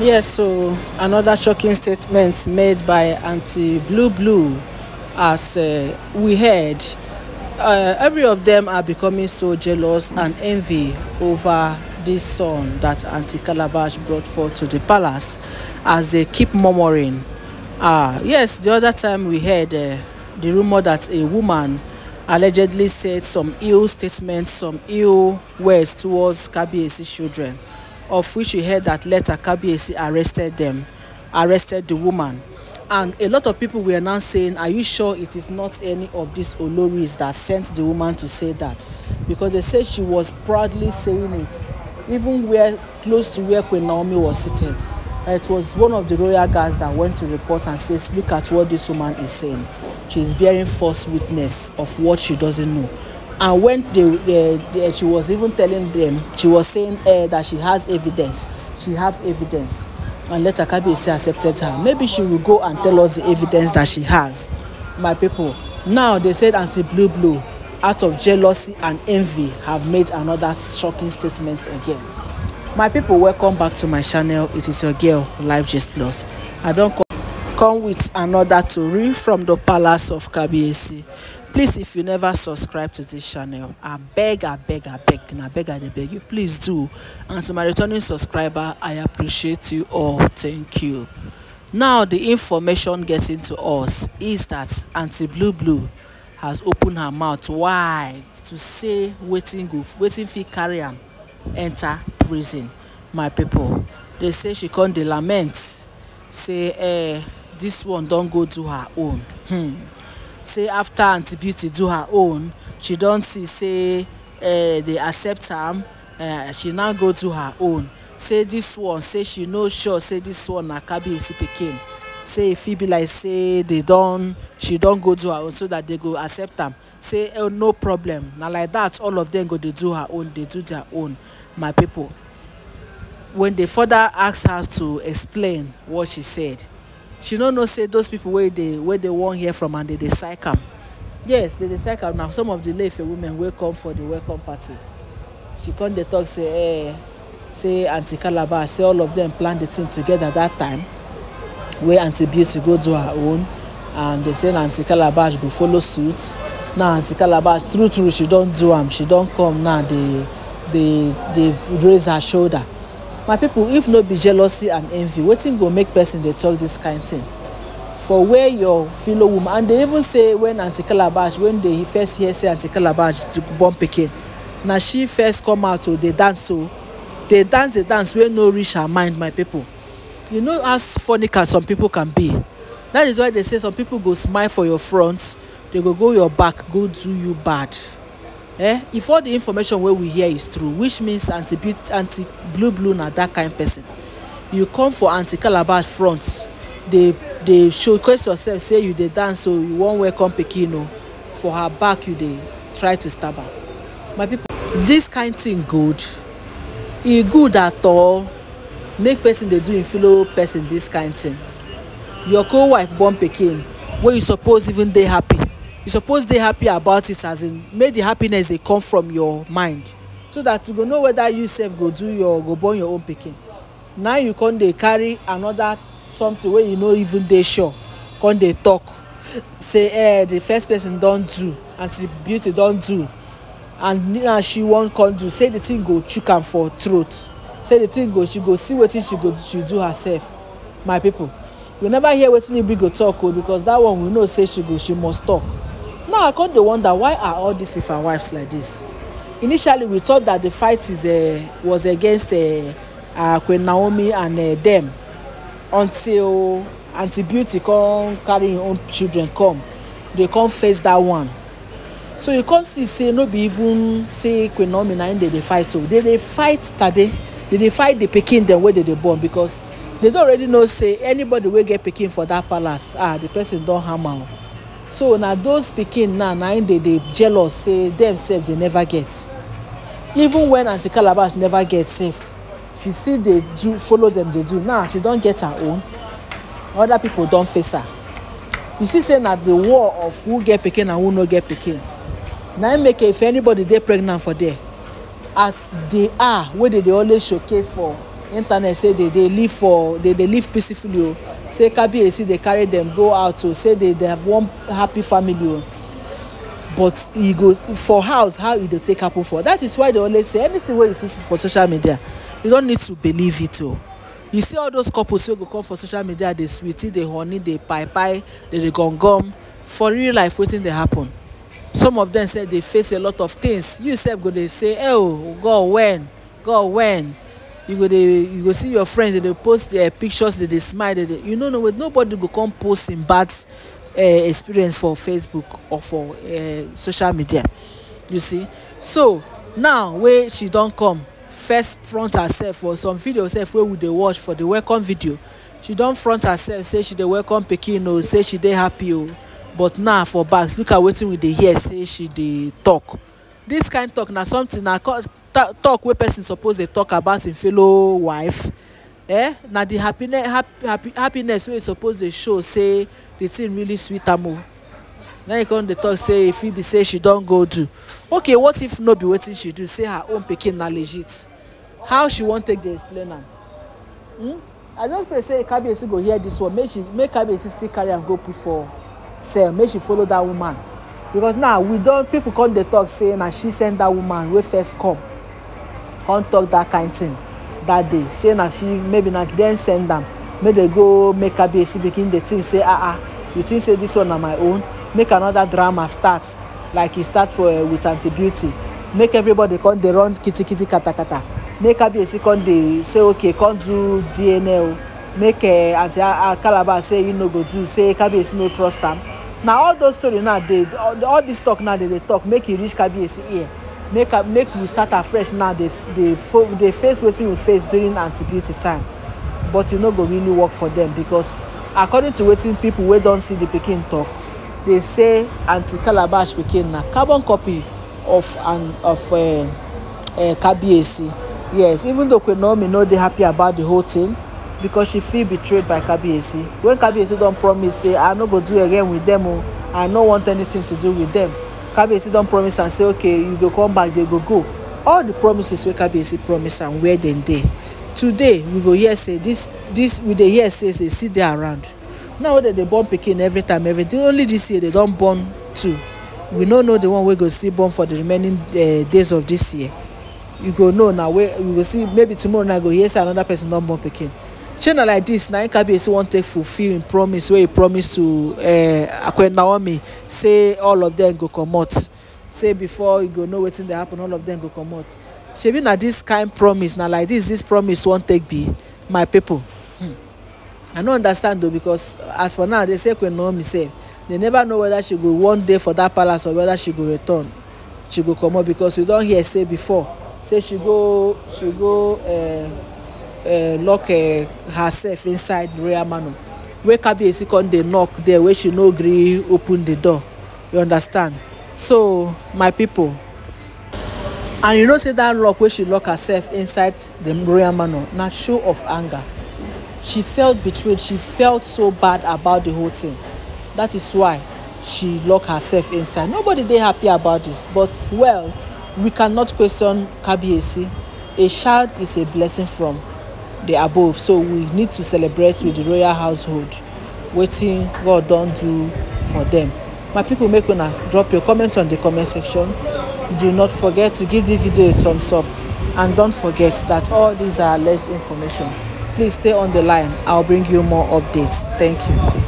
Yes, so another shocking statement made by Auntie Blue Blue, as uh, we heard, uh, every of them are becoming so jealous and envy over this son that Auntie Calabash brought forth to the palace as they keep murmuring. Ah, uh, yes, the other time we heard uh, the rumor that a woman allegedly said some ill statements, some ill words towards Kabiesi's children of which we heard that later Kabiesi arrested them, arrested the woman. And a lot of people were now saying, Are you sure it is not any of these Oloris that sent the woman to say that? Because they said she was proudly saying it, even where close to where Queen Naomi was seated. it was one of the royal guards that went to report and says, Look at what this woman is saying. She is bearing false witness of what she doesn't know and when they, they, eh, eh, they she was even telling them she was saying uh, that she has evidence she have evidence and later kabiyesi accepted her maybe she will go and tell us the evidence that she has my people now they said aunty blue blue out of jealousy and envy have made another shocking statement again my people welcome back to my channel it is your girl life Just plus i don come with another tori from the palace of kabiyesi please if you never subscribe to this channel abeg abeg abeg na abeg i dey beg you please do and to my returning subscriber i appreciate you all thank you now the information getting to us is that aunty blue blue has opened her mouth wide to say wetin go wetin fit carry am enter prison my people. They say she con dey lament say eh this one don go do her own hmm say after aunty beauty do her own she don see say uh, they accept am uh, she now go do her own say this one say she no sure say this one na kabiyesi pikin say e fit be like say they don she don go do her own so that they go accept am say oh, no problem na like that all of them go dey do her own dey do their own my people when they further ask her to explain what she said she no know say those people wey dey wey dey wan hear from am dey dey psych am yes dey dey psych am na some of the lefe women wey come for the welcome party she come dey talk say eh say aunty calabar say all of them plan the thing together that time wey aunty beauty go do her own and dey say na aunty calabash go follow suit now aunty calabash true true she don do am she don come now dey dey dey raise her shoulder my people if no be jealousy and envy wetin go make person dey talk this kind thing for where your fellow woman and they even say when aunty calabash when they first hear say aunty calabash born pikin na she first come out to dey dance o dey dance dey dance wey no reach her mind my people you know how funny can some people can be that is why they say some people go smile for your front they go go your back go do you bad eh if all the information wey we hear is true which means anti anti blue blue na that kind person you come for anti calabash front dey dey showcase yourself say you dey dance so you wan welcome pikin o for her back you dey try to stab am my people this kind thing good e good at all make person dey do im e fellow person this kind thing your co-wife born pikin wey you suppose even dey happy you suppose dey happy about it as in make the happiness dey come from your mind so that you go know whether you sef go do your go born your own pikin now you come dey carry another something wey you no even dey sure come dey talk say eh the first person don do aunty beauty don do and now she wan come do say the thing go chook am for throat say the thing go she go see wetin she go she do herself my people we never hear wetin ibi go talk o oh, because that one we know say she go she must talk now i come dey wonder why are all these ifa wives like this initially we thought that the fight is uh, was against uh, uh, queen naomi and uh, dem until aunty beauty come carry im own children come they come face that one so you come see say no be even say queen naomi na im dey dey fight o they dey fight tade They dey fight the pikin dem wey dey dey born because they don already know say anybody wey get pikin for that palace ah the person don harm am o so na those pikin now na im dey dey jealous say dem sef dey never get even when aunty calabash never get sef she still dey do follow dem dey do now she don get her own other people don face her you see say na the war of who get pikin and who no get pikin na im make if anybody dey pregnant for there as they are wey dey dey always showcase for internet say they dey live for they dey live peacefully o oh. say kabiyesi dey carry dem go out o oh. say they dey have one happy family o oh. but e go for house how e dey take happen for that is why they always say anything wey you see for social media you don need to believe it o you see all those couples wey go come for social media dey sweetie dey honey dey pai pai dey dey gum gum for real life wetin dey happen some of them say they face a lot of things you sef go dey say eh o god when god when you go dey you go see your friends dey dey post their eh, pictures dey dey smile dey dey you no know nobody go come post im bad uh, experience for facebook or for uh, social media you see so now wey she don come first front herself for some video sef wey we dey watch for the welcome video she don front herself say she dey welcome pikin o say she dey happy o but now for back look at wetin we dey hear say she dey talk this kind talk na something na talk wey person suppose dey talk about im fellow wife eh na di happiness happy happiness wey e suppose dey show say di thing really sweet am o na e come dey talk say e fit be say she don go do okay what if no be wetin she do say her own pikin na legit how she wan take dey explain am hmm? i just pray say kabiyesi go hear this one make she make kabiyesi still carry am go put for cell make she follow that woman because now we don people come dey talk say na she send that woman wey first come come talk that kind thing that day say na she maybe na then send am make dem go make kbsc begin dey think say ah ah you think say this one na my own make another drama start like e start for uh, with aunty beauty make everybody come dey run kitikiti katakata make kbsc come dey say okay come do dna o make uh, aunty ah, ah, calabar say you no go do say kbsc no trust am na all those story now dey all, this talk now dey dey talk make e reach kbsc ear make make we start afresh now dey dey dey face wetin we face during antibiotic time but e no go really work for dem because according to wetin people wey don see the pikin talk dey say aunty calabash pikin na carbon copy of an of uh, uh, kabiyesi yes even though queen naomi no dey happy about the whole thing because she feel betrayed by kabiyesi when kabiyesi don promise say i no go do again with dem o oh. i no want anything to do with dem kabiyesi don promise am say okay you go come back they go go all the promises wey kabiyesi promise am where dem dey today we go hear say this this we dey hear say say still dey around now wey dem dey born pikin every time every day only this year dem don born two we no know the one wey go still born for the remaining uh, days of this year you go know na wey we go see maybe tomorrow na go hear say another person don born pikin shey na like dis na im kabiyesi wan take fulfil im promise wey e promise to uh, eh, akwen naomi say all of dem go comot say before you go know wetin dey happen all of dem go comot shebi na dis kind promise na like dis dis promise wan take be my pipo hmm. i no understand o because as for now they say queen naomi say they never know whether she go one day for that palace or whether she go return she go comot because we don hear say before say she go she go. Uh, uh, lock uh, herself inside royal manor wey kabiyesi come dey knock there wey she no gree open the door you understand so my people and you know say that lock wey she lock herself inside the royal manor na show of anger she felt betrayed she felt so bad about the whole thing that is why she lock herself inside nobody dey happy about this but well we cannot question kabiyesi a child is a blessing from the above so we need to celebrate with the royal household wetin god don do for them my people make una drop your comment on the comment section do not forget to give this video a thumbs up and don't forget that all these are alleged information please stay on the line i'll bring you more updates thank you